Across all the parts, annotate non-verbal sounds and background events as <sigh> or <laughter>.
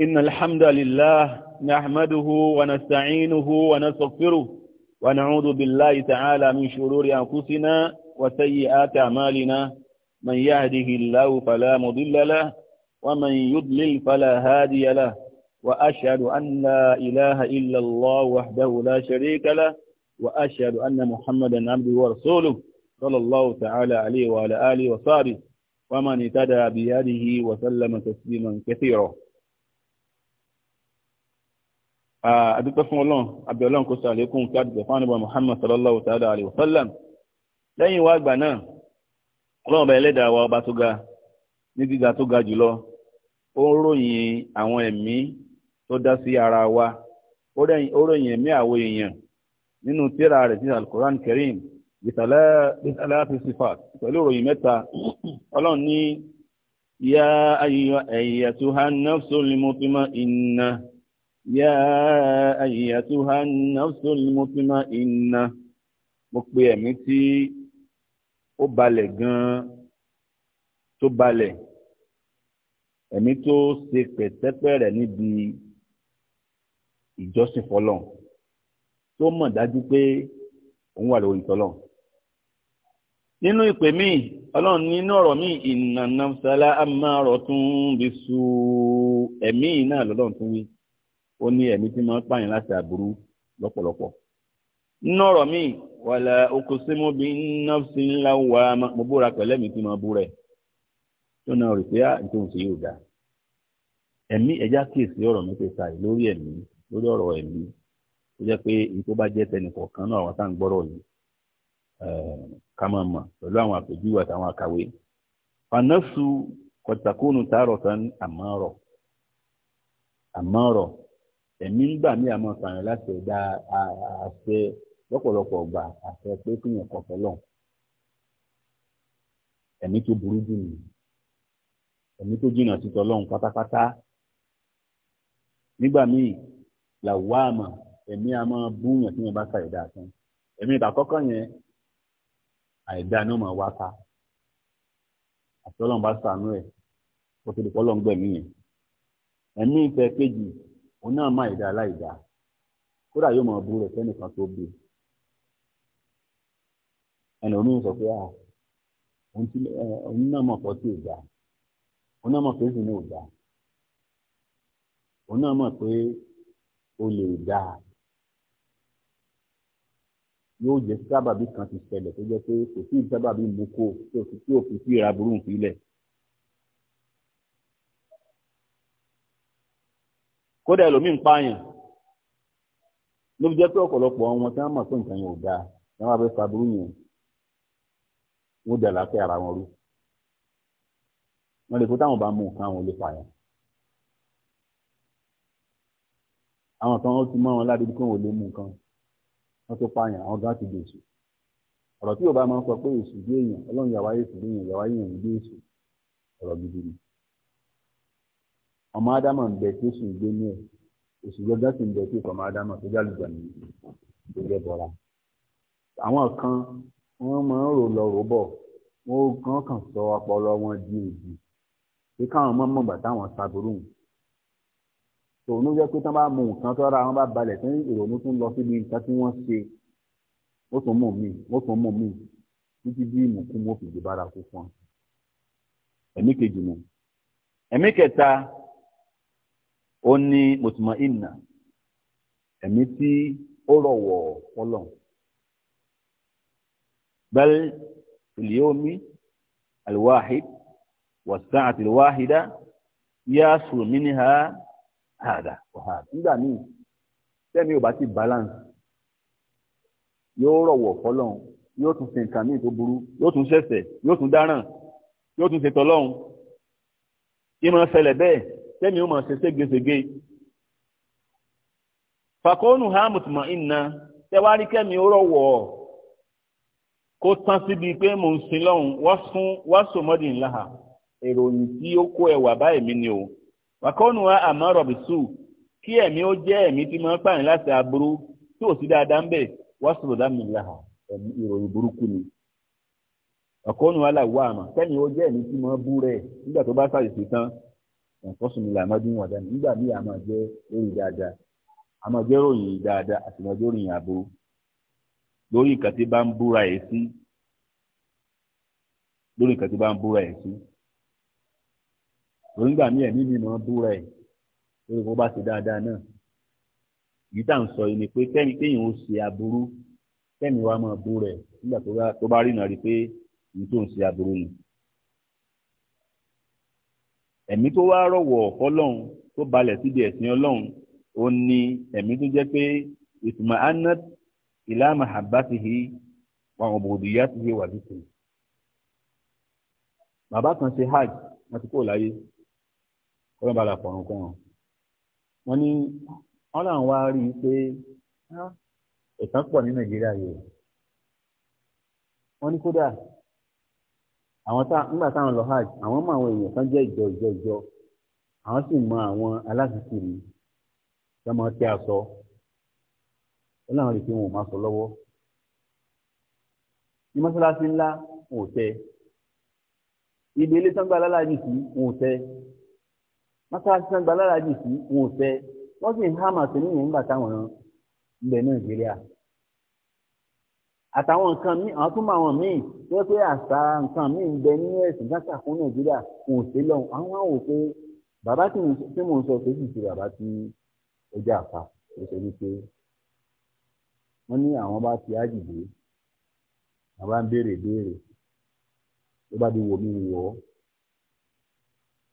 إن الحمد لله نحمده ونستعينه ونستغفره ونعوذ بالله تعالى من شرور أنفسنا وسيئات أعمالنا من يهده الله فلا مضل له ومن يضلل فلا هادي له وأشهد أن لا إله إلا الله وحده لا شريك له وأشهد أن محمدا عبده ورسوله صلى الله تعالى عليه وعلى آله وصحبه ومن اهتدى بهذه وسلم تسليما كثيرا àdúpẹ́ fún ọlọ́run abẹ́ ọlọ́run kó sàlékún kí àdúgbò fún àníbọn Muhammad sallallahu ta'ala alayhi wa sallam lẹ́yìn wá àgbà náà ọlọ́run ọba ẹlẹ́dàá wa ọba tó ga ní gíga tó ga jùlọ ó ròyìn àwọn ẹ̀mí tó dá sí ara wa ó ròyìn ẹ̀mí àwọn èèyàn nínú tírà rẹ̀ sí al-Qur'an Karim bisalati pẹ̀lú ìròyìn mẹ́ta ọlọ́run ní ya ayyatuhan nafsul mutma'inna يا أيتها النفس المطمئنة mo pe ẹ̀mí tí ó balẹ̀ gan-an tó balẹ̀ ẹ̀mí tó ṣe pẹ̀tẹ́pẹ̀rẹ̀ níbi ìjọsìn wà nínú ìpè mi ọlọ́run nínú ọ̀rọ̀ mi ìnànà sálá àmàrọ̀ tún bí su ẹ̀mí náà lọ́lọ́run tún ó ní ẹ̀mí tí máa ń pààyàn láti aburú lọ́pọ̀lọpọ̀ nínú mi míì wàlà oko símú bí ńlá wa mo búra pẹ̀lú mi tí máa bú rẹ̀ tó náà rò pé á ah, nítorí ṣe yóò emi ẹ̀mí ẹ̀já kíyèsí ọ̀rọ̀ mẹ́tẹ̀ẹ̀ta yìí lórí ẹ̀mí lórí ọ̀rọ̀ ẹ̀mí tó jẹ́ pé èyí tó bá jẹ́ tẹnìkọ̀ọ̀kan náà àwọn tá ń gbọ́rọ̀ yìí eh, ká máa mọ̀ pẹ̀lú àwọn àpèjúwe ẹ̀mí ń gbà mí àmọ́ pààyàn láti ẹ̀dá àṣẹ lọ́pọ̀lọpọ̀ ọgbà àṣẹ pé kéèyàn kọ̀ fọ́lọ̀ ẹ̀mí tó burú jù nìyí ẹ̀mí tó jìnnà sí tọ́lọ́hún pátápátá nígbà míì làwọ̀ àmọ̀ ẹ̀mí a máa búyàn tí wọ́n bá ka ẹ̀dá tán ẹ̀mí ìtàkọ́kọ́ yẹn àìdá ni ó máa wá ká àtọ́lọ́hún bá sànú ẹ̀ kó tó di pọ́lọ́ ń gbẹ̀mí yẹn ẹ̀mí ìfẹ́ kejì òun náà má ìdá aláìdá kódà yóò máa bú rẹ̀ sẹ́nìkan tó bí ẹlòmíín sọ pé à òun náà mọ̀ pọ̀ sí ìdá òun náà mọ̀ pé sì ní ìdá òun náà mọ̀ pé o lè dá yóò jẹ́ sábàbí kan ti ṣẹlẹ̀ tó jẹ́ pé kò sí ìsábàbí mú kó tí òfin sí ìra burú nǹkan ilẹ̀. kódà ẹlòmí ń pààyàn ló fi jẹ́ pé ọ̀pọ̀lọpọ̀ wọn tí wọ́n mọ̀ pé nǹkan yẹn ò dáa tí wọ́n bá fẹ́ faburú yẹn wọ́n dẹ̀ láfẹ́ ara wọn rú wọ́n lè kó táwọn bá mú nǹkan àwọn olè pààyàn àwọn kan ó ti mọ àwọn ládùúgbò kí wọn ò lè mú nǹkan wọn tó pààyàn àwọn gan ti dèṣù ọ̀rọ̀ tí Yorùbá máa ń sọ pé èṣù bí èèyàn ọlọ́run yàwá èṣù bí èèyàn yàwá èèyàn bí èṣù ọ̀rọ̀ gidi ni ọmọ ádámà ń bẹ tí èṣù ń gbé ní ẹ̀ èṣù gángan sì ń bẹ tí ọmọ ádámà tó jálùgbà ní tó jẹ́ bọ́ra. àwọn kan wọ́n máa ń rò lọ rò bọ̀ wọ́n kàn kàn sọ ọpọlọ wọn di èdè pé káwọn mọ́ mọ̀gbà táwọn ṣàbùrù tòun ló jẹ́ pé tán bá mú nǹkan tọ́ra wọn bá balẹ̀ tí ìrònú tún lọ síbi nǹkan tí wọ́n ṣe ó tún mú mi ó tún mú mi títí bí ìmùkú mo fìdí bára kú fún ọ kejì mu ẹ̀mí kẹta ó ní mùtùmọ̀ ìnà ẹ̀mí tí ó rọ̀wọ̀ fọlọ́n bẹ́ẹ̀ ìlíọ́mí alwahid wasaati alwahida yasuru minha hada wahada nígbà míì tẹ́mi ò bá ti balance yóò rọ̀wọ̀ fọlọ́n yóò tún ṣe nǹkan míì tó burú yóò tún ṣẹ̀ṣẹ̀ yóò tún dáràn yóò tún ṣe tọ́lọ́hún ìmọ̀ ṣẹlẹ̀ bẹ́ẹ̀ tẹ́mi ó máa ṣe ségesège fàkóónù hamut mọ̀ ìnà tẹ́wárí kẹ́mi ó rọ̀wọ̀ kó tán síbi pé mò ń sin lọ́hùn wọ́n sún wọ́n sọ mọ́dì ńlá ha èròyìn tí ó kó ẹwà bá ni o fàkóónù wa àmọ́ rọ̀bìsù kí ẹ̀mí ó jẹ́ ẹ̀mí tí máa ń pààyàn láti aburú tí ò sí dáadáa ń bẹ̀ sọ̀rọ̀ dámì ńlá ni àmọ́ kẹ́mi ó jẹ́ ẹ̀mí tí máa bú rẹ̀ nígbà tó bá ìfọ́sùn ilẹ̀ amádùn wà dání nígbà míì a máa jẹ́ lórí dáadáa a máa jẹ́ ròyìn dáadáa àti máa jẹ́ ròyìn àbò lórí nǹkan tí bá ń búra ẹ̀ sí lórí nǹkan tí bá ń búra ẹ̀ sí òǹgbà míì ẹ̀mí mi máa búra ẹ̀ lórí bó bá ṣe dáadáa náà yìí tá à ń sọ yìí ni pé tẹ́ni téèyàn ó ṣe aburú tẹ́ni wa máa búra ẹ̀ nígbà tó bá rìnà rí pé ní tó ń ṣe aburú ni ẹ̀mí tó wá rọ̀wọ̀ fọlọ́run tó balẹ̀ síbi ẹ̀sìn ọlọ́run ó ní ẹ̀mí tó jẹ́ pé ìtumọ̀ anat ila mahabbatihi wa ubudiyatihi wà lùkù. bàbá kan ṣe hajj wọn ti kó láyé ọlọ́run bá la pọ̀rùn kọ́ wọn. wọ́n ní wọ́n làwọn wá rí i pé ẹ̀sán pọ̀ ní nàìjíríà yìí. wọ́n ní kódà àwọn tá nígbà táwọn lọ hajj àwọn mọ àwọn èèyàn kan jẹ ìjọ ìjọ ìjọ àwọn sì mọ àwọn aláṣìṣe mi tí a sọ ó láwọn lè fi wọn ò máa sọ lọ́wọ́ ní mọ́ṣáláṣí ńlá wọn ò tẹ ibi ilé tán gba alálàájì sí wọn ò tẹ mọ́ṣáláṣí tán gba alálàájì sí wọn ò tẹ wọ́n sì ń hámà sí nìyẹn nígbà táwọn ń bẹ Nàìjíríà àtàwọn nǹkan míì àwọn tún mọ àwọn míì tó yẹ pé àṣà nǹkan míì ń bẹ nínú ẹ̀sìn káṣà fún nàìjíríà kò sí lọ́hùn àwọn àwọn òfin bàbá tí mò ń sọ pé kì í ṣe bàbá tí ó jẹ́ àfa ó ṣe wípé wọ́n ní àwọn bá ti ájìgbé bàbá ń béèrè béèrè ló bá di wò mí wò ó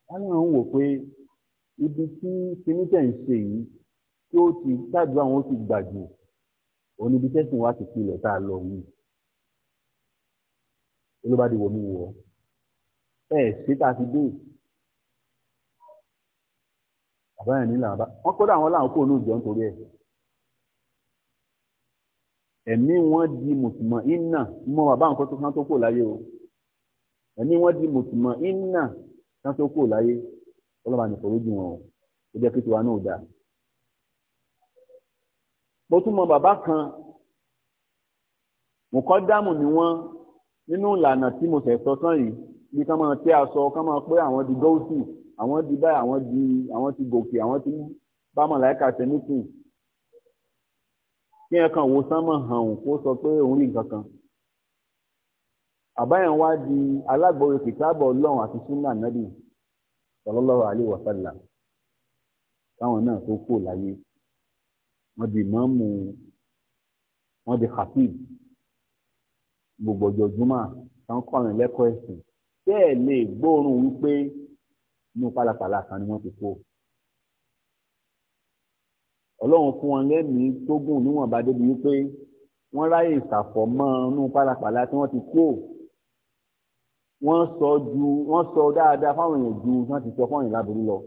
wọ́n ń wò pé ibi tí kinní ń ṣe yìí tí ó ti ṣáàdúrà wọn ó ti gbà oníbi tẹ́sán wa ti filẹ̀ tá a lọ yìí olóbàdì wọ mí wọ ẹ ṣé tá a fi dé bàbá yẹn nílà bá wọn kọ́dọ̀ àwọn làwọn kò ní ìjọ nítorí ẹ ẹ̀mí wọn di mùtùmọ̀ iná mọ bàbá nǹkan tó kán tó kò láyé o ẹ̀mí wọn di mùtùmọ̀ iná kán tó kò láyé ọlọ́mọdé forí jù wọn o ó jẹ́ kí tiwa náà dáa mo tún mọ bàbá kan mùkọ́ dáàmù ni wọ́n nínú ìlànà tí mo fẹ́ sọ sàn yìí bí ká máa tẹ́ aṣọ ká máa pé àwọn di gọ́ọ̀sì àwọn di báyìí àwọn di àwọn ti gòkè àwọn ti bá màláìka ṣe mítìn kí ẹ kàn wo sánmọ̀ hàn òun kó sọ pé òun rí nǹkan kan àbáyọ̀ wá di alágbóyè kìtàbọ̀ ọlọ́run àti súnà nàbì sallallahu alaihi wa sallam táwọn náà tó kú láyé wọ́n di ìmáàmù wọ́n di khatib gbogbo ọjọ́júmọ́ táwọn kọ́rin lẹ́kọ̀ọ́ ẹ̀sìn bẹ́ẹ̀ lè gbóòórùn wípé inú pálapàla kan ni wọ́n ti kó ọlọ́run fún wọn lẹ́mìí tó gùn níwọ̀nba débi wípé wọ́n ráyè ìsàfọ̀mọ́ inú pálapàla tí wọ́n ti kó wọ́n sọ ju wọ́n sọ dáadáa fáwọn èèyàn ju wọ́n ti sọ fáwọn èèyàn láburú lọ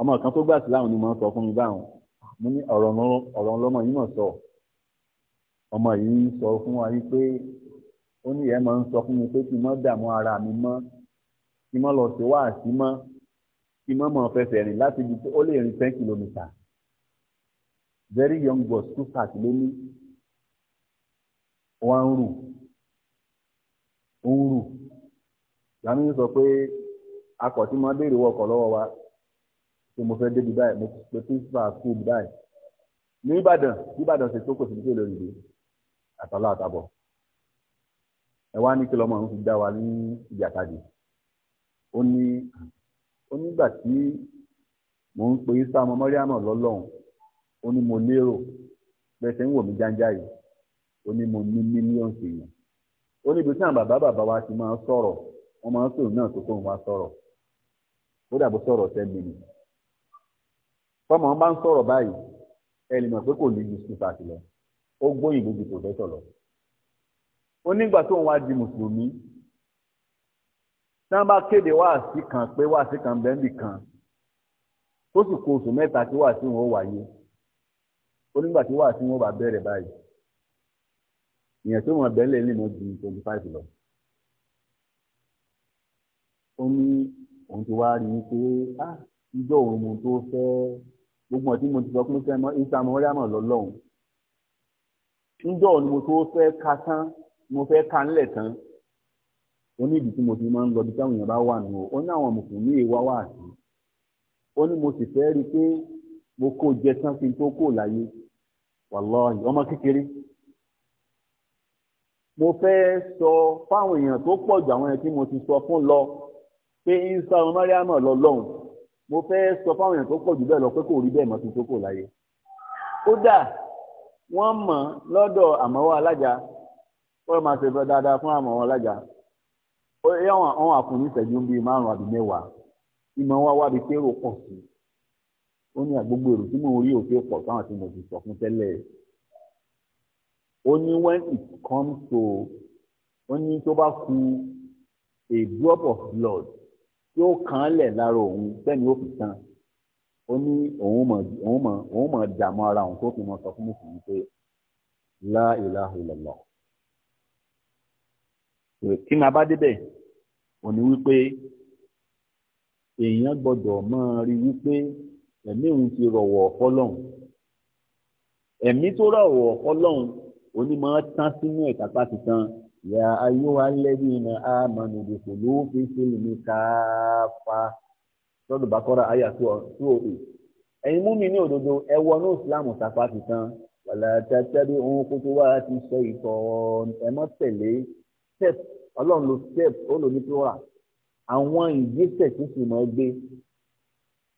ọmọ kan tó gbà síláàmù ni mo sọ fún mi báwọn mo ní ọ̀rọ̀ ọlọ́mọ yìí mọ̀ sọ ọmọ yìí sọ fún wa yìí pé ó ní ìyẹn máa ń sọ fún mi pé kí n má dààmú ara mi mọ́ kí n má lọ sí wáàsí mọ́ kí n má mọ̀ fẹsẹ̀ rìn láti ibi tó lè rìn ten kìlómítà very young boy school start ló ní wọ́n ń rù ń rù làmì sọ pé akọ̀ tí béèrè wọkọ̀ lọ́wọ́ wa pé mo fẹ́ débi báyìí mo pe principal school báyìí ní Ìbàdàn Ìbàdàn ṣètò kò sí ní ìlú òyìnbó àtàlà àtàbọ̀ ẹ wá fi dá wa ní ó ní ó nígbà tí pe Isa ọmọ Mọ́ríàmù lọ́lọ́run ó ní mo lérò bẹ́ẹ̀ ṣe ń wò mí jáńjá yìí mo ní mílíọ̀nù èèyàn ó tí àwọn bàbá bàbá wa ti máa sọ̀rọ̀ wọ́n máa ń sòrò náà tó wá sọ̀rọ̀ ó dàbò tọmọ bá ń sọ̀rọ̀ báyìí ẹ lè mọ̀ pé kò ní ju school pass lọ ó gbóyìn lójú professor lọ ó nígbà tó ń wá di mùsùlùmí tí wọ́n bá kéde wáàsí kan pé wáàsí kan bẹ́ẹ̀nì kan tó sì kó oṣù mẹ́ta tí wáàsí wọn ó wáyé ó nígbà tí wáàsí wọn bá bẹ̀rẹ̀ báyìí ìyẹn tó wọn bẹ́ẹ̀ lè lè mọ̀ ju twenty five lọ ó ní òun ti wá rí i pé ah ìjọ òun mo tó fẹ́ẹ́. gbogbo ọtí mo ti sọ pé sẹ́mọ́ isa mọ́ríàmọ̀ lọ́lọ́hùn ńjọ́ ni mo tó fẹ́ ka tán mo fẹ́ ka ńlẹ̀ tán ó ní ìdí tí mo ti máa ń lọ bí táwọn èèyàn bá wà nù ó ní àwọn mùsùlùmí èèwà wà sí ó ní mo sì fẹ rí i pé mo kó jẹ tán kí n tó kó láyé wàlọ́ọ̀yì ọmọ kékeré mo fẹ́ sọ fáwọn èèyàn tó pọ̀ jù àwọn ẹni tí mo ti sọ fún lọ pé isa mọ́ríàmọ̀ lọ́lọ́hùn. mo fẹ́ sọ fáwọn èèyàn tó pọ̀ jù bẹ́ẹ̀ lọ pé kò rí bẹ́ẹ̀ mọ́ tuntun kò láyé kódà wọ́n mọ̀ lọ́dọ̀ àmọ́wọ́ alájà wọ́n máa ṣe dáadáa fún àmọ́wọ́ alájà ó yẹ àwọn àkùnrin ìṣẹ́jú bíi márùn-ún àbí mẹ́wàá ìmọ̀ wa wábi tí èrò pọ̀ sí ó ní àgbogbo èrò tí mò rí òfin pọ̀ sáwọn tí mo ti sọ fún tẹ́lẹ̀ ó ní when it comes to ó ní tó bá ku a drop of blood yóò kàn án lẹ̀ lára òun bẹ́ẹ̀ ni ó fi tán ó ní òun mọ̀ òun mọ̀ òun mọ̀ dààmú ara òun tó fi mọ̀ sọ fún mùsùlùmí pé la ilaha illallah tí màá bá débẹ̀ òní wípé èèyàn gbọ́dọ̀ máa rí wípé ẹ̀mí òun ti rọ̀wọ̀ ọ̀fọ́lọ́hún ẹ̀mí tó rọ̀wọ̀ ọ̀fọ́lọ́hún onímọ̀ tán sínú ẹ̀ka pàtìtàn يا أيها الذين آمنوا دخلوا في السلم كافة سورة البقرة آية 208 ẹ̀yin múmi ní òdodo ẹ wọnú ìsìláàmù sápá ti tán wàlá tẹ́tẹ́bí òun kó tó wá ti ṣe ìtọ̀ ẹ mọ́ step ọlọ́run lo step ó lò ní plura àwọn ìgbésẹ̀ tó sì mọ́ gbé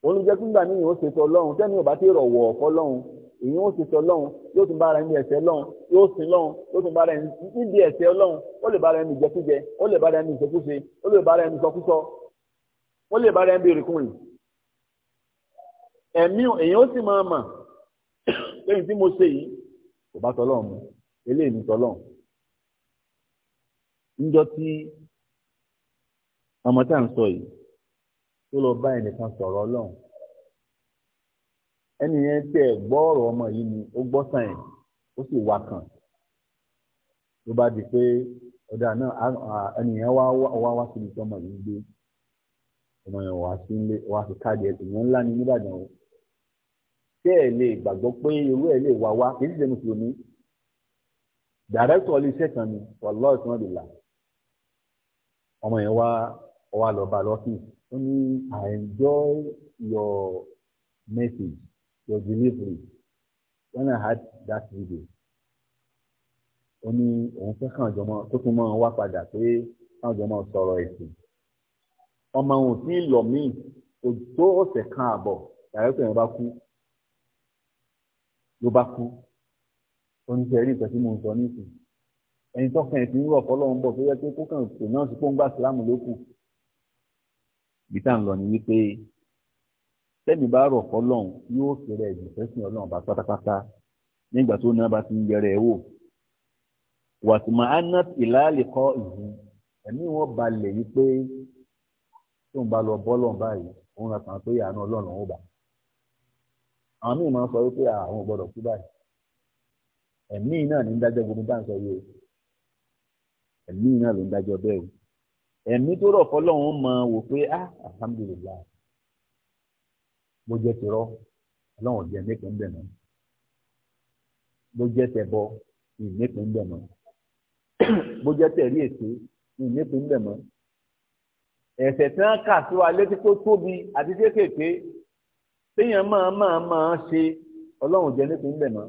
olùjẹ́kúngbà nìyẹn ó ṣètò ọlọ́run tẹ́ni ò bá ti rọ̀wọ̀ ọ̀kọ́ ọlọ́run èyí ó ti sọ lọ́hùn yóò tún bára ẹni ẹ̀ṣẹ̀ lọ́hùn yóò sin lọ́hùn yóò tún bára ẹni níbi ẹ̀ṣẹ̀ lọ́hùn ó lè bára ẹni ìjẹkújẹ ó lè bára ẹni ìṣekúṣe ó lè bára ẹni sọkúsọ ó lè bára ẹni bèrèkùnrin ẹ̀mí èyí ó sì máa mà lẹ́yìn tí mo ṣe yìí kò bá tọ́lọ́ mu eléyìí ni tọ́lọ́ níjọ́ tí ọmọ tá à ń sọ yìí tó lọ bá ẹnìkan sọ̀rọ̀ ọlọ́run ẹni yẹn tẹ gbọ́ ọ̀rọ̀ ọmọ yìí ni ó gbọ́ sàn yẹn ó sì wà kàn ló bá di pé ọ̀dà náà ẹni yẹn wá wá wá síbi tí ọmọ yìí ń gbé ọmọ yẹn wá sí ilé wá sí káàdì ẹ̀sìn ìyẹn ńlá ni nìbàdàn o tẹ́ ẹ̀ lè gbàgbọ́ pé irú ẹ̀ lè wá wá kì í sì ṣe mùsùlùmí dàrẹ́tọ̀ ilé iṣẹ́ kan ni wàlọ́ọ̀ tí wọ́n lè là ọmọ yẹn wá wá lọ bá lọ́fíìsì ó ní I enjoy your message your delivery when I had that video ó ní òun fẹ́ kàn jọmọ tó tún máa wá padà pé kàn jọmọ sọ̀rọ̀ ẹ̀sìn ọmọ òun tí ì lọ míì kò tó ọ̀sẹ̀ kan àbọ̀ dàrẹ́tọ̀ yẹn bá kú ló bá kú oníṣẹ́ rí nǹkan tí mo ń sọ nísìnyí ẹni tọ́kàn ẹ̀sìn rọ̀ fọlọ́run bọ̀ tó yẹ pé kó kàn pè náà sí pé ó ń gbà sílámù lókù bí lọ ni wípé tẹ́mi bá rọ̀ fọlọ́run yóò fẹ́rẹ̀ ìjìnfẹ́ sí ọlọ́run bá pátápátá nígbà tó náà bá ti ń yẹrẹ ẹ̀ wò wàtúmọ̀ anat ìlàlẹ̀ kọ́ ìhù ẹ̀mí wọn balẹ̀ yìí pé tóun bá lọ bọ́lọ̀ báyìí òun àtàn pé àánú ọlọ́run ó bà àwọn míì máa ń sọ wípé àwọn ò gbọdọ̀ kú báyìí ẹ̀mí náà ní dájọ́ gbogbo bá ń sọ yìí ẹ̀mí náà ló ń dájọ́ bẹ́ẹ̀ o ẹ̀mí tó rọ̀ fọlọ́run mọ wò pé ah alhamdulilayi bó jẹ́ tirọ́ ọlọ́run jẹ́ nípìn bẹ̀ mọ́ bó jẹ́ tẹ̀bọ ìnípìn bẹ̀ mọ́ bó jẹ́ tẹ̀rí èsì ìnípìn bẹ̀ mọ́ ẹ̀ṣẹ̀ tí wọ́n kà sí wa létí tó tóbi àti kéékèèké téèyàn máa máa máa ṣe ọlọ́run jẹ́ nípìn bẹ̀ mọ́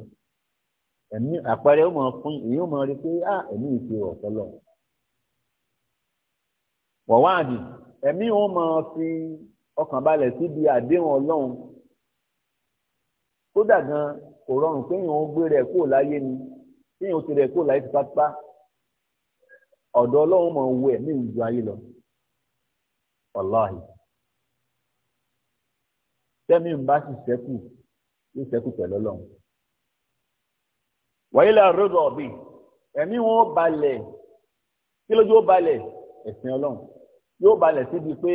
ẹ̀mí àpẹẹrẹ ó máa fún èyí ó máa rí pé á ah, ẹ̀mí ìṣe ọ̀pọ̀lọ wọ̀wáàdì ẹ̀mí ó máa fi ọkàn balẹ̀ síbi àdéhùn ọlọ́run kódà gan kò rọrùn kéèyàn ó gbé rẹ̀ kúrò láyé ni kéèyàn ó ti rẹ̀ kúrò láyé tipátipá ọ̀dọ̀ ọlọ́run mọ̀ ń wo ẹ̀mí ìjọ ayé lọ wàláhì tẹ́mi ń bá sì sẹ́kù yóò sẹ́kù pẹ̀lú ọlọ́run wàyí la ròdò ọ̀bì ẹ̀mí wọn ó balẹ̀ kí lójú ó balẹ̀ ẹ̀sìn ọlọ́run yóò balẹ̀ síbi pé.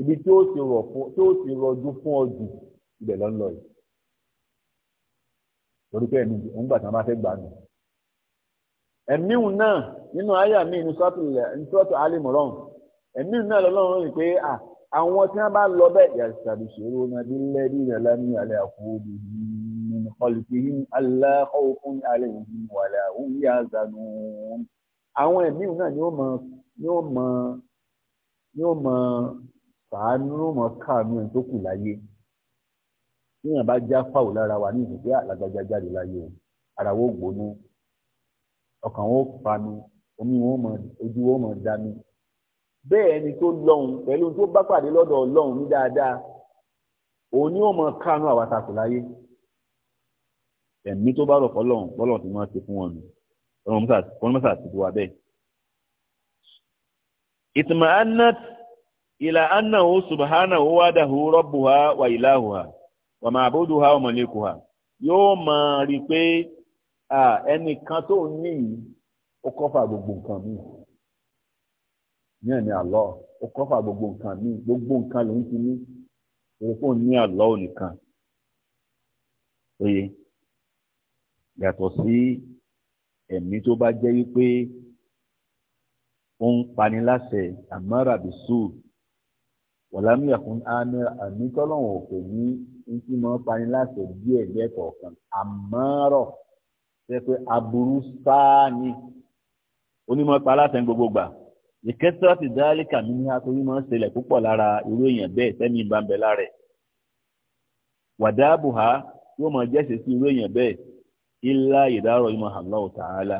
ibi tí ó ti rọ̀ fún tí ó ti rọjú fún ọ jù ibẹ̀ lọ ń lọ yìí lórí pé ẹ̀mí òun gbà tí wọ́n bá fẹ́ gbà nù. ẹ̀míhùn náà nínú àyà mi ní sọ́ọ̀tù alimọ̀rán ẹ̀míhùn náà lọ́lọ́run rìn pé àwọn tí wọ́n bá lọ bẹ́ẹ̀ yà ṣòro náà bí lẹ́ẹ̀dí rẹ̀ lámì alẹ́ àkóódù min khalfihim alla khawfun alayhim wala hum yahzanun àwọn ẹ̀míhùn náà ni ó mọ ni ó mọ ni ó mọ sàánú mọ káàánú ẹni tó kù láyé níyàn bá já fáwọ lára wa ní ìdílé alágbájá jáde láyé o ara wo gbóná ọkàn wo panu omi wo mọ ojú wo mọ dání bẹ́ẹ̀ ẹni tó lọ́hùn pẹ̀lú tó bá pàdé lọ́dọ̀ ọlọ́hùn ní dáadáa òun ni ó mọ káàánú àwa ta kù láyé ẹ̀mí tó bá rọ̀ fọlọ́hùn fọlọ́hùn ti máa ṣe fún wọn nù ọlọ́run mọ́sà ti wà bẹ́ẹ̀. ìtìmọ̀ anat ila annahu subhanahu wa dahu rabbuha wa ilahuha wa ma'buduha wa malikuha ri pe rí eni kan ẹnìkan tó ní ó kọ́fà gbogbo nǹkan mi yẹn ni Allah ó kọ́fà gbogbo nǹkan mi gbogbo nǹkan ló ń ti ní òkú ní Allah nìkan oye yàtọ̀ sí ẹ̀mí tó bá jẹ́ wípé ó ń pani láṣẹ àmọ́ ràbí wọ̀lámì ẹ̀kún àmì àmì tọ́lọ́wọ̀n òkè ní ntí mọ́ pani láti díẹ̀ díẹ̀ kọ̀ọ̀kan àmọ́rọ̀ ṣe pé aburú sáà ni onímọ̀ pa aláṣẹ gbogbo gbà ìkẹsọ́ ti dáálé kàmí ní atorí máa ń ṣẹlẹ̀ púpọ̀ lára irú èèyàn bẹ́ẹ̀ sẹ́mi bá ń bẹ lára ẹ̀. wàdáàbùhá yóò máa jẹ́sẹ̀ sí irú èèyàn bẹ́ẹ̀ ilá ìdárọ̀ yìí máa hàn tààlà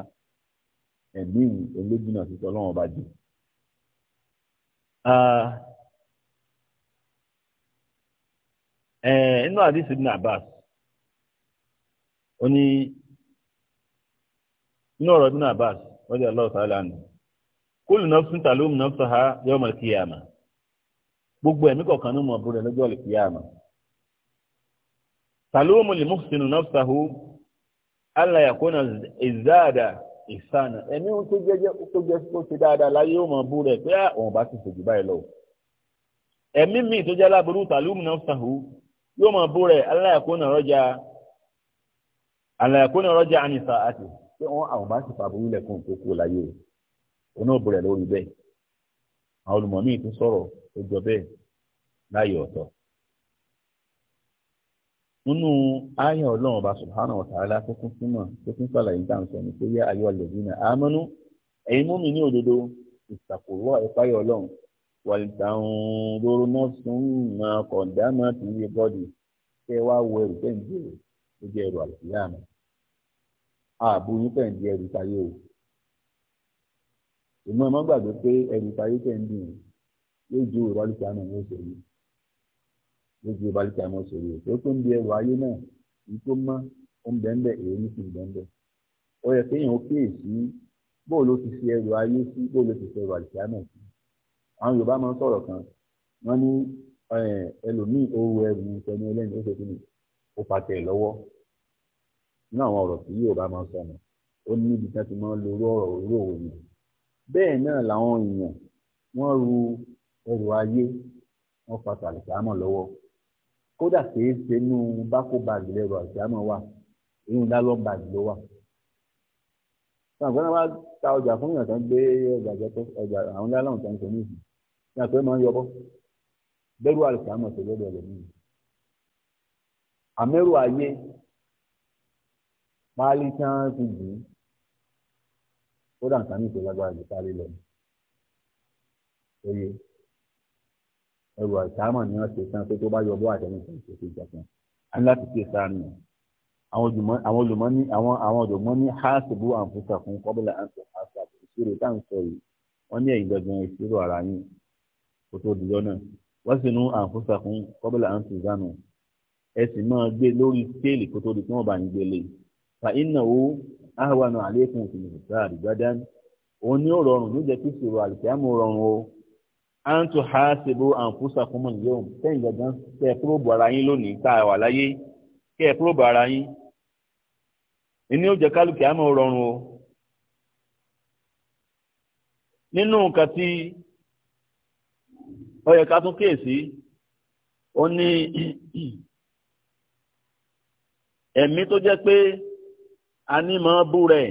ẹ̀mí olójúnà sí tọ́lọ́wọ́n bá jù. Ah, Eh, inú àdìsí ibn Abbas ó ní inú ọ̀rọ̀ ibn Abbas radiyallahu ta'ala anhu kullu nafsin talum nafsaha yawm al-qiyamah gbogbo ẹ̀mí kọ̀ọ̀kan ní mọ̀ọ́bù rẹ̀ lọ́jọ́ al-qiyamah talum al-muhsinu nafsahu alla yakuna izada ìsànà ẹ̀mí ń tó jẹ́jẹ́ tó jẹ́ tó ṣe dáadáa láyé ó mọ̀ọ́bù rẹ̀ pé àwọn ah, bá ti ṣèjì báyìí lọ ẹ̀mí míì tó jẹ́ láburú tàlúùmù náà sàhù yóò máa bó rẹ̀ aláyàkóná rọ́jà aláyàkóná rọ́jà ànìsà àti pé wọ́n àwọn bá sì fàbúrú lẹ̀kùn tó kú láyé o oná bó rẹ̀ lórí bẹ́ẹ̀ àwọn olùmọ̀mí tún sọ̀rọ̀ tó jọ bẹ́ẹ̀ láyé ọ̀tọ̀ nínú ayé ọlọ́run ọba subhanahu wa ta'ala tó kún símọ̀ tó kún sàlàyé dáhùn sọ ni pé yá ayé ọlẹ́bí náà àmọ́nú ẹ̀yin mú mi ní òdodo ìsàkùrọ̀ ẹ̀fáyé ọlọ́run wàlìtàǹdóró náà sún máa kọ̀ǹdá máa ti yé bọ́dì kẹ́ ẹ wá wo ẹrù tẹ̀ ń jèrè ó jẹ́ ẹrù àlùfíà mi ààbò yín tẹ̀ ń di ẹrù táyé o ìmọ̀ ẹ̀ má gbàgbé pé ẹrù táyé tẹ̀ ń dùn yóò ju ìrọ̀lùfíà náà ní òṣèlú yóò ju ìrọ̀lùfíà náà òṣèlú tó tó ń di ẹrù ayé náà èyí tó mọ́ ó ń bẹ́ẹ̀ bẹ́ẹ̀ èyí sì ń bẹ́ẹ̀ bẹ́ẹ̀ ó yẹ kéèyàn ó kíyèsí bóòlù ti fi ẹrù ayé sí bóòlù ti fi ẹrù àlùfíà náà sí àwọn Yorùbá máa ń sọ̀rọ̀ kan wọ́n ní ẹlòmíì ó wu ẹrù ìṣẹ́ni ẹlẹ́ni ó ṣe kí ni ó pàtẹ lọ́wọ́ nínú àwọn ọ̀rọ̀ tí Yorùbá máa ń sọ nù ó ní ibi tí wọ́n ti máa ń lo orú ọ̀rọ̀ orú òwe yẹn bẹ́ẹ̀ náà làwọn èèyàn wọ́n ru ẹrù ayé wọ́n fa tàlùkàmọ̀ lọ́wọ́ kódà kìí ṣe inú bákó báàgì lẹ́rù àjàmọ̀ wà inú lálọ́ báàgì ló wà. Àwọn náà wá ta ọjà fún ìyàn tán gbé ọjà àwọn lálọ́ tán tó ní ìsìn ní àpẹẹrẹ máa ń yọbọ bẹ̀rù àlùkò àmọ́ ṣe lọ́dọ̀ ẹlòmíì àmẹrù ayé páálí tí wọn ti dùn kódà nǹkan ní ìpè lágbára ju páálí lọ oye ẹrù àìsàmọ ni wọn ṣe tán pé tó bá yọbọ àtẹnudẹ ìṣèṣe ìjà kan á ní láti ṣe sáà nù àwọn olùmọ̀ ní àwọn àwọn olùmọ̀ ní haasibu àǹfùsà fún kọ́bílà àǹfùsà àṣà ìṣirò táǹsọ̀ yìí wọ́n ní ẹ̀yìn gbẹ̀gbẹ̀ ìṣirò ara yín kó tó dìjọ́ náà wá sínú àǹfọ̀sàkùn kọ́bílà àǹtìzánù ẹ sì máa gbé lórí skéèlì kó tó di tí wọ́n bá ń gbélé fa innahu ahwanu alaykum fil hisab gbadan òun ni ó rọrùn ló jẹ́ kí ìṣòro àlùkìyàmù rọrùn o à ń tún ha ṣe bó àǹfọ̀sàkùn mọ̀ nìyẹn o sẹ́yìn gbọ̀ngàn kẹ́ ẹ kúrò bọ̀ ara yín lónìí tá a wà láyé kẹ́ ẹ kúrò bọ̀ ara yín ìní ó jẹ́ kálùkìyàmù rọrùn o nínú nǹkan tí ó yẹ ká tún kíyèsí ó ní ẹ̀mí tó jẹ́ pé a ní mọ́ bú rẹ̀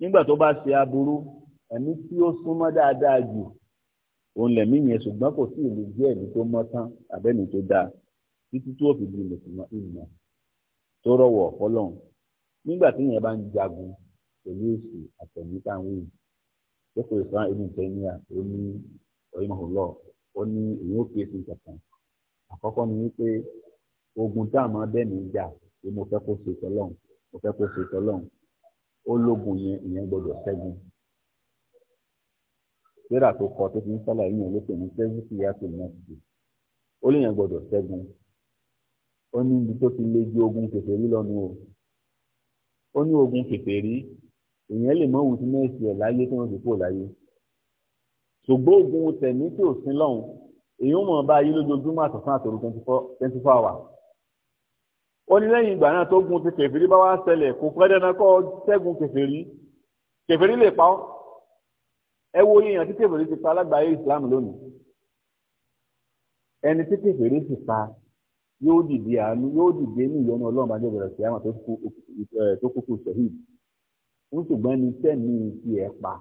nígbà tó bá ṣe aburú ẹ̀mí tí ó súnmọ́ dáadáa jù òun lẹ̀mí yẹn ṣùgbọ́n kò sí ìlú díẹ̀ ní tó mọ́ tán abẹ́ni tó dáa títí tí fi di ìmọ̀ ìmọ̀ tó rọ̀wọ̀ ọlọ́run nígbà tí yẹn bá ń jagun pẹ̀lú èsì àtẹ̀mí táwọn èèyàn tó kò sàn ẹni tẹ́níà ó ní ọ̀yìnmọ̀ ó ní èyí ó kíyèsí kankan àkọ́kọ́ ni wípé ogun tá a máa bẹ́ẹ̀ ní gbà pé mo fẹ́ kó ṣe tọ́lọ́hún mo fẹ́ kó ṣe tọ́lọ́hún ó lógun yẹn ìyẹn gbọdọ̀ ṣẹ́gun sẹ́rà tó kọ tó fi ń sálà yìí yẹn ló pè ní sẹ́gun sí ìyá tó ní ọ̀sẹ̀ ó lè yẹn gbọdọ̀ ṣẹ́gun ó ní ibi tó ti lé ju ogun kèfèrí lọ́nu o ó ní ogun kèfèrí èèyàn lè mọ̀ wù sí mẹ́ẹ̀sì ẹ̀ láyé tó ń fi kó láyé ṣùgbọ́n oògùn tẹ̀mí tí ò sí lọ́hùn èyí ó mọ̀ bá yí lójoojúmọ́ àtọ̀sán àtòru twenty four twenty four hours. ó ní lẹ́yìn ìgbà náà tó gun ti kẹfìrí bá wá ṣẹlẹ̀ kò pẹ́ dandan kọ́ ṣẹ́gun kẹfìrí kẹfìrí lè pa ọ́ ẹ wo yíyan tí kẹfìrí ti pa alágbàáyé ìsìlámù lónìí ẹni tí kẹfìrí sì pa yóò dìde àánú yóò dìde ní ìyọnu ọlọ́run bàjẹ́ bẹ̀rẹ̀ sí àwọn tó kú kù ṣẹ̀híd ń ṣùgbọ́n ẹni tẹ́ẹ̀mí ti ẹ̀ pa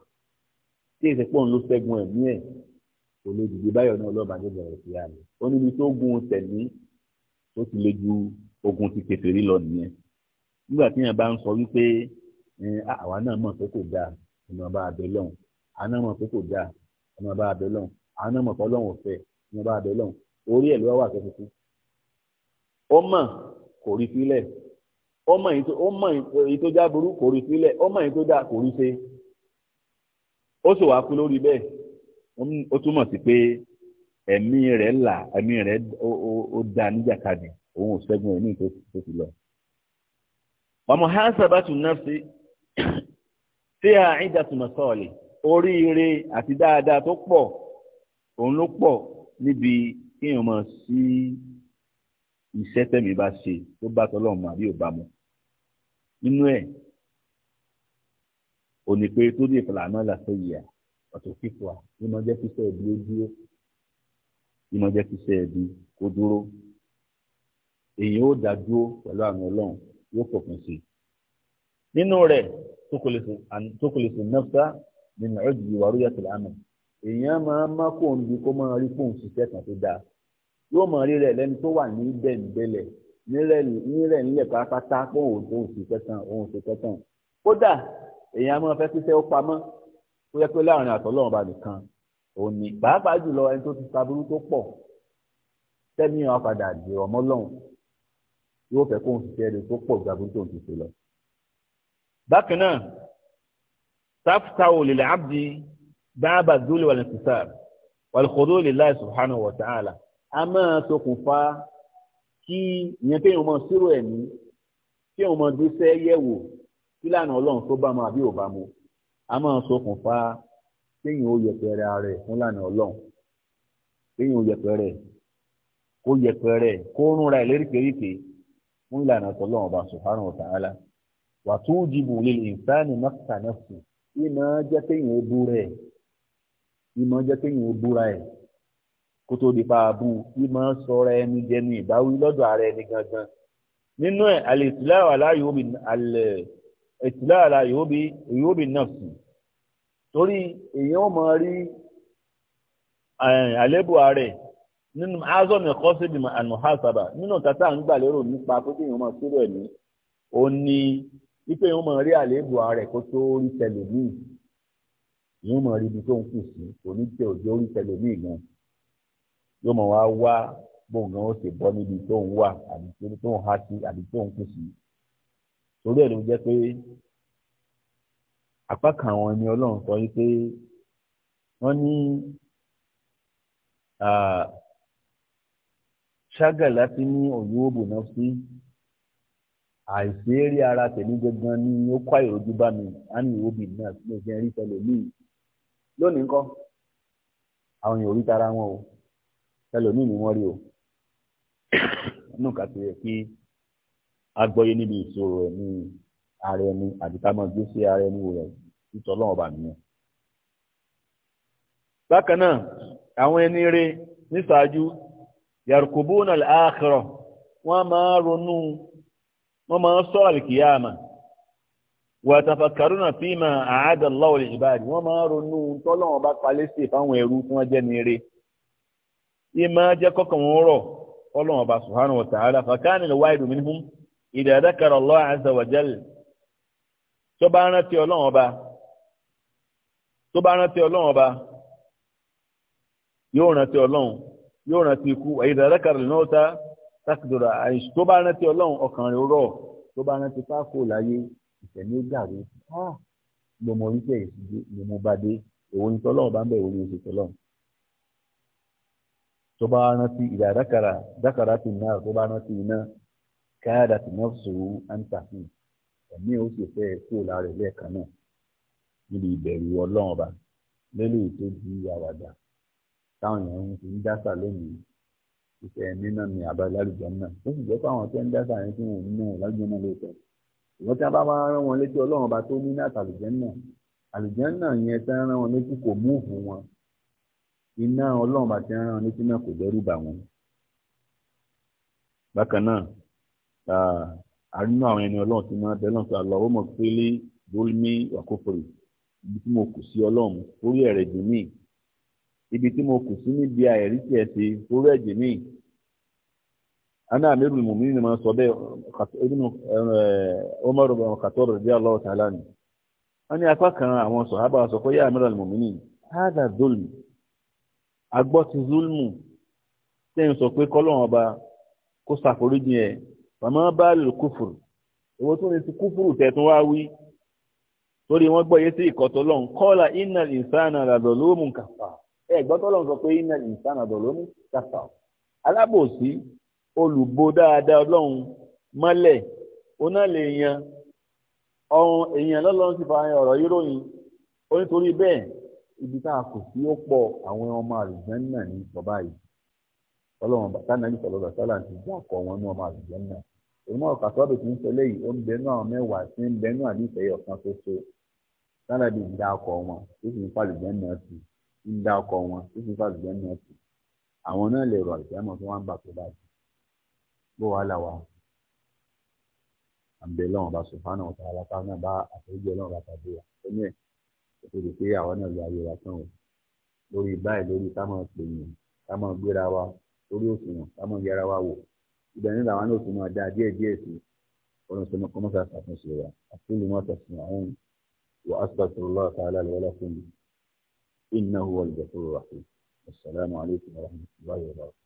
tí èsì pọ̀ ń lo sẹ́gun ẹ̀mí ẹ̀ kò lè dìde báyọ̀ náà lọ́ba ní bẹ̀rẹ̀ sí àná ó níbi tó gun tẹ̀mí tó ti le ju ogun ti kèfèrí lọ nìyẹn nígbà tí yẹn bá ń sọ wípé àwa náà mọ̀ pé kò dáa ọmọ bá abẹ lọ́hùn àná mọ̀ pé kò dáa ọmọ bá abẹ lọ́hùn àná mọ̀ pé ọlọ́hùn ọ̀fẹ́ ọmọ bá abẹ lọ́hùn orí ẹ̀ ló wà tó kúkú ó mọ̀ kò rí sílẹ̀ ó mọ̀ èyí tó já burú kò rí sílẹ̀ ó mọ̀ èyí tó dáa kò rí ṣe ó sì wáá kú lórí bẹ́ẹ̀ ó túmọ̀ sí pé ẹ̀mí rẹ̀ là ẹ̀mí rẹ̀ ó da níjàkadì òun ò ṣẹ́gun ẹ̀mí tó ti lọ. ọmọ hansabatu nafsi tí a ìjà tùmọ̀ sọ̀ọ̀lì oríire àti dáadáa tó pọ̀ òun ló pọ̀ níbi kéèyàn máa sí iṣẹ́ tẹ̀mí bá ṣe tó bá tọ́lọ́mù àbí ò nínú ẹ̀ òní pé tó dé ìfọlànà làṣẹ yìí ọ̀tọ̀ fífọ à ìmọ̀ jẹ́ kíṣẹ́ ẹbí ó dúró ìmọ̀ jẹ́ kíṣẹ́ ẹbí kó dúró èyí ó dá dúró pẹ̀lú àwọn ọlọ́run yóò fòpin sí i nínú rẹ̀ tókòlèsè nọ́fà nínú ọ̀jì ìwàrúyà tó lánà èèyàn máa má kó òun bí kó máa rí fóun ṣiṣẹ́ kan tó dáa yóò máa rí rẹ̀ lẹ́ni tó wà ní bẹ́ẹ̀nbẹ́lẹ̀ nírẹ̀ nílẹ̀ pátápátá kó òun tó kan òun ṣiṣẹ́ kan kódà èèyàn máa fẹ́ ṣiṣẹ́ ó pamọ́ ó yẹ pé láàrin àtọ́lọ́run bá nìkan òun ni pàápàá jùlọ ẹni tó ti saburú tó pọ̀ tẹ́mi àwọn padà dè ọmọ lọ́hùn yóò fẹ́ kóhun ṣiṣẹ́ rẹ̀ tó pọ̀ saburú tó ń ti ṣe lọ. bákan náà taftahu lil abdi báàbà dúlé wal intisar wal khudu lillahi subhanahu wa ta'ala a máa ṣokùnfà kí ìyẹn kéèyàn máa ṣírò ẹ̀mí kéèyàn máa dúṣẹ́ yẹ̀wò kílànà ọlọ́run tó bá mu àbí ò bá mu a máa ṣokùnfà kéèyàn ó yẹpẹrẹ ara ẹ̀ fún lànà ọlọ́run kéèyàn ó yẹpẹrẹ kó yẹpẹrẹ kó rúnra ẹ̀ léríkèéríkèé fún ìlànà ọlọ́run ọba subhanahu wa ta'ala wà tó jìbù lil insani nafsa nafsi ìmọ̀ jẹ́ kéèyàn ó búra ẹ̀ ìmọ̀ jẹ́ kéèyàn ó búra ẹ̀ kó tó di paabu ìmọ̀ sọ̀rọ̀ ẹni jẹnu ìbáwí lọ́dọ̀ ara ẹni gangan nínú ẹ̀ al-islamu ala yawmin alẹ́ ìtìlá àlà ìhóbi ìhóbi nafsi torí èèyàn mọ̀ rí eh, àlébù ààrẹ nínú azọ́mi ẹ̀kọ́ síbi ànùhásàbà nínú tata à ń gbà lérò nípa pé kí èèyàn máa sírò ẹ̀ ní ó ní wípé èèyàn mọ̀ rí àlébù ààrẹ kó tó rí tẹlẹ̀míì èèyàn mọ̀ rí ibi tó ń kù sí kò ní tẹ òjò rí tẹlẹ̀míì gan yóò mọ̀ wá wá bóun gan ó sì bọ́ níbi tó ń wà àbí tó ń há sí àbí tó ń kù sí torí ẹ̀ ló jẹ́ pé apá kan àwọn ẹni ọlọ́run sọ wípé wọ́n ní ṣágàlá ti ní òyìnbó náà sí àìsí eré ara tèmi gangan ni ó kọ́ àìrójú bá mi á ní ìwóbi náà sí ẹ̀jẹ̀ rí tẹlẹ̀míì lónìí ńkọ́ àwọn èèyàn orí tara wọn o tẹlẹ̀míì ni wọ́n rí o <coughs> nù kàtó kí agbọ́yé níbi ìṣòro ẹ̀mí ara ẹni àti ká máa gbé sí ara ẹni rẹ̀ títọ́ ọlọ́run ọba nìyẹn. bákan náà àwọn ẹni rẹ̀ níṣáájú yarkubuna al-akhirah wọ́n máa ronú wọ́n máa sọ̀rọ̀ al-kiyama wàtàfàkàrúnà fíìmà àádọ́láwò lè ìbáàdì wọ́n máa ronú tọ́lọ́wọ́n bá palẹ́ sí ẹrú tí wọ́n jẹ́ ní eré yìí máa wọn rọ̀ ọlọ́wọ́n bá subhanahu wa ta'ala fàkánì lè wáyé domin hum إذا ذكر الله عز وجل tó bá rántí ọlọ́run ọba tó bá rántí ọlọ́run ọba yóò rántí ọlọ́run yóò rántí ikú إذا ذكر الموت تقدر tó bá rántí ọlọ́run ọkàn rẹ̀ rọ̀ tó bá rántí pákó láyé gàrí ah! bá dé bá káàdà tí wọ́n sọ áńtà fún ẹ̀mí ó sì fẹ́ kú lára ẹ̀ lẹ́ẹ̀kan náà níbi ìbẹ̀rù ọlọ́run ọba lélẹ̀ tó di àwàdà táwọn èèyàn ti ń dásà lónìí ìfẹ́ nínà ní àbálálùjọ náà ó sì jẹ́ pé àwọn tó ń dásà yẹn tí wọ́n ń mú lájọ náà lóòótọ́ ìwọ́n tí wọ́n bá wá rán wọn létí ọlọ́run ọba tó ní náà tàlùjẹ́ náà àlùjẹ́ náà yẹn tẹ́ ń rán wọn létí kò mú wọn iná ọlọ́run ọba tẹ́ ń rán wọn létí náà kò dẹ́rù bà wọn. bákan náà àrínú àwọn ẹni ọlọ́run ti máa bẹ́ẹ̀ lọ́sọ̀ àlọ́ ó mọ̀ ibi tí mo kù sí ọlọ́run orí ẹ̀rẹ̀ mí ibi tí mo kù sí níbi àìrí tiẹ̀ orí mí ana amiru mumini ni ma sọ bẹ́ẹ̀ ni eh, ní apá kan àwọn sọ pé yá zulmi agbọ́ zulmu tẹ́yìn sọ pé màmá bá lò kúfùrù owó tó ní ti kúfùrù tẹ̀tún wá wí torí wọ́n gbọ́ yé sí ìkọ́tọ̀ lọ́n kọ́lá iná ìsáná làdọ̀ lómù kàfà ẹ gbọ́tọ̀ lọ́n sọ pé iná ìsáná làdọ̀ lómù kàfà alábòsí olùbó dáadáa ọlọ́run mọ́lẹ̀ oná lè yan ọ̀hún èèyàn lọ́lọ́run ti fa ọ̀rọ̀ yíròyìn ó nítorí bẹ́ẹ̀ ibi tá a kò sí ó pọ̀ àwọn ọmọ àlùjànnà ní bàbá ọlọ́run bàtà náà ní sọ̀rọ̀ bàtà láti dá ọkọ̀ wọn ní ọmọ àlùjànnà òun náà kàtọ́bì tí ń sọ lẹ́yìn ó ń bẹ náà mẹ́wàá sí ń bẹ náà nífẹ̀ẹ́ ọ̀kan ṣoṣo sálábì ń dákọ̀ wọn tó sì ń fàlùbẹ́ náà sí ń dákọ̀ wọn tó sì ń fàlùbẹ́ náà sí àwọn náà lè rọ àìsàn tí wọ́n ń bà tó báyìí bó wàá là wá àǹbẹ̀lọ́n ọba sùfánà ọ̀tá alápá náà bá àtẹ̀jẹ́ ọlọ́run bá tàbí wa ó ní ẹ̀ ó ti pé àwọn náà lọ ayé wa tán o lórí báyìí lórí ká máa pè yàn ká máa gbéra wa lórí òṣùwọ̀n ká máa yẹra wa wò ibẹ̀ nílò àwọn náà tó máa dáa díẹ̀ díẹ̀ sí ọ̀run sọ kọ́ mọ́sá ṣàtúnṣe wa àkúlù wọn tẹ̀sán àwọn wà ásùbàtúrọ̀lá tààlà lọ́lá fún mi innahu huwal ghafurur rahim assalamu alaikum warahmatullahi